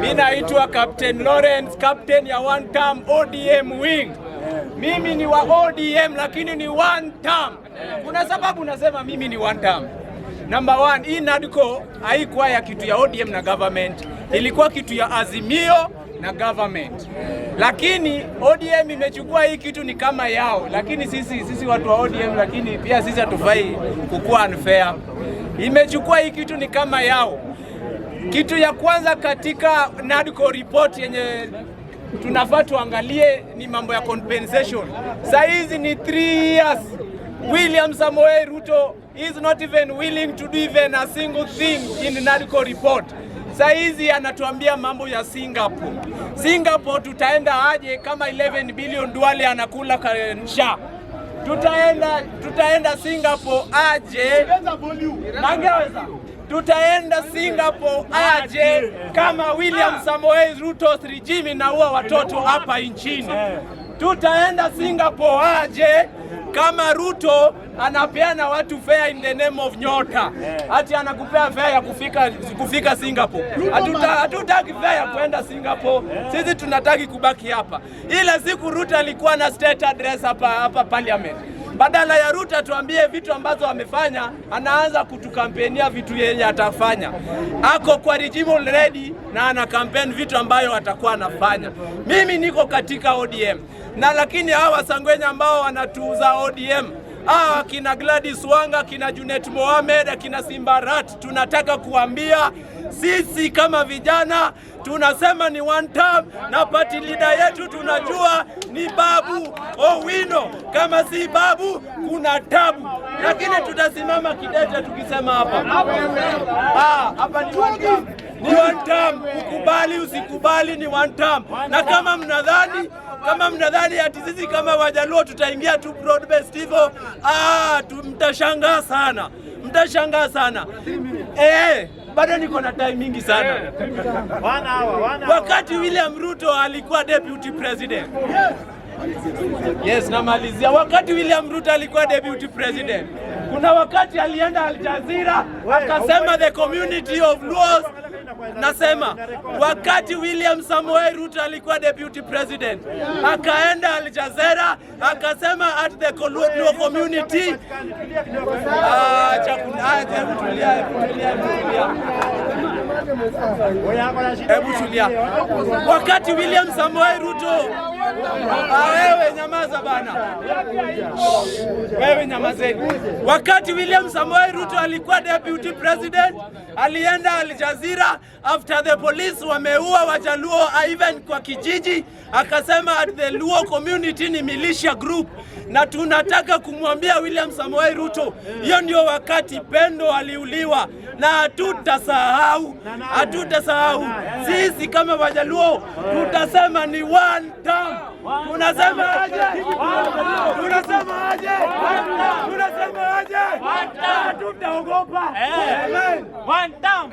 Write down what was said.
Mi naitwa Captain Lawrence, captain ya one term ODM wing. Mimi ni wa ODM lakini ni one term. Kuna sababu nasema mimi ni one term. Number one, hii NADCO haikuwa ya kitu ya ODM na government, ilikuwa kitu ya Azimio na government, lakini ODM imechukua hii kitu ni kama yao, lakini sisi sisi watu wa ODM, lakini pia sisi hatufai kukuwa unfair. Imechukua hii kitu ni kama yao kitu ya kwanza katika NADCO report yenye tunafaa tuangalie ni mambo ya compensation. Saa hizi ni 3 years William Samoei Ruto is not even willing to do even a single thing in NADCO report. Saa hizi anatuambia mambo ya Singapore. Singapore tutaenda aje kama 11 billion Duale anakula kansha Tutaenda, tutaenda Singapore aje? Mangeweza tutaenda Singapore aje kama William Samoei Ruto sijimi na uwa watoto hapa nchini. Tutaenda Singapore aje kama Ruto anapeana watu fare in the name of nyota, ati anakupea fare ya kufika, kufika Singapore. Hatutaki fare ya kuenda Singapore, sisi tunataki kubaki hapa. Ila siku Ruto alikuwa na state address hapa hapa parliament badala ya Ruto atuambie vitu ambazo amefanya, anaanza kutukampenia vitu yenye atafanya. Ako kwa regime ready na ana kampeni vitu ambayo atakuwa anafanya. Mimi niko katika ODM na lakini hawa Wasangwenya ambao wanatuuza ODM Ah, kina Gladys Wanga, kina Junet Mohamed, kina Simbarat, tunataka kuambia sisi kama vijana tunasema ni one term, na party leader yetu tunajua ni Babu Owino. Kama si Babu kuna tabu, lakini tutasimama kidete tukisema hapa ah, hapa ni one term. Ni one term, ukubali usikubali, ni one term. Na kama mnadhani kama mnadhani ati sisi kama Wajaluo tutaingia tu broad based hivyo, ah, mtashangaa sana, mtashangaa sana eh bado niko na time mingi sana. Wakati William Ruto alikuwa deputy president Yes, namalizia. Wakati William Ruto alikuwa deputy president, kuna wakati alienda Al Jazeera akasema the community of Luo Nasema wakati William Samoei Ruto alikuwa deputy president, akaenda Aljazera akasema at the Koluo community Wakati William Samoei Ruto wewe nyamaza bana, wewe nyamaze Wakati William Samoei Ruto alikuwa deputy president, alienda Al Jazeera after the police wameua Wajaluo even kwa kijiji, akasema the Luo community ni militia group, na tunataka kumwambia William Samoei Ruto, hiyo ndio wakati Pendo aliuliwa, na hatutasahau, hatutasahau sisi kama Wajaluo tutasema ni one time. Tunasema aje? Tunasema aje? Tunasema aje? Hatutaogopa. Eh. Amen. One time.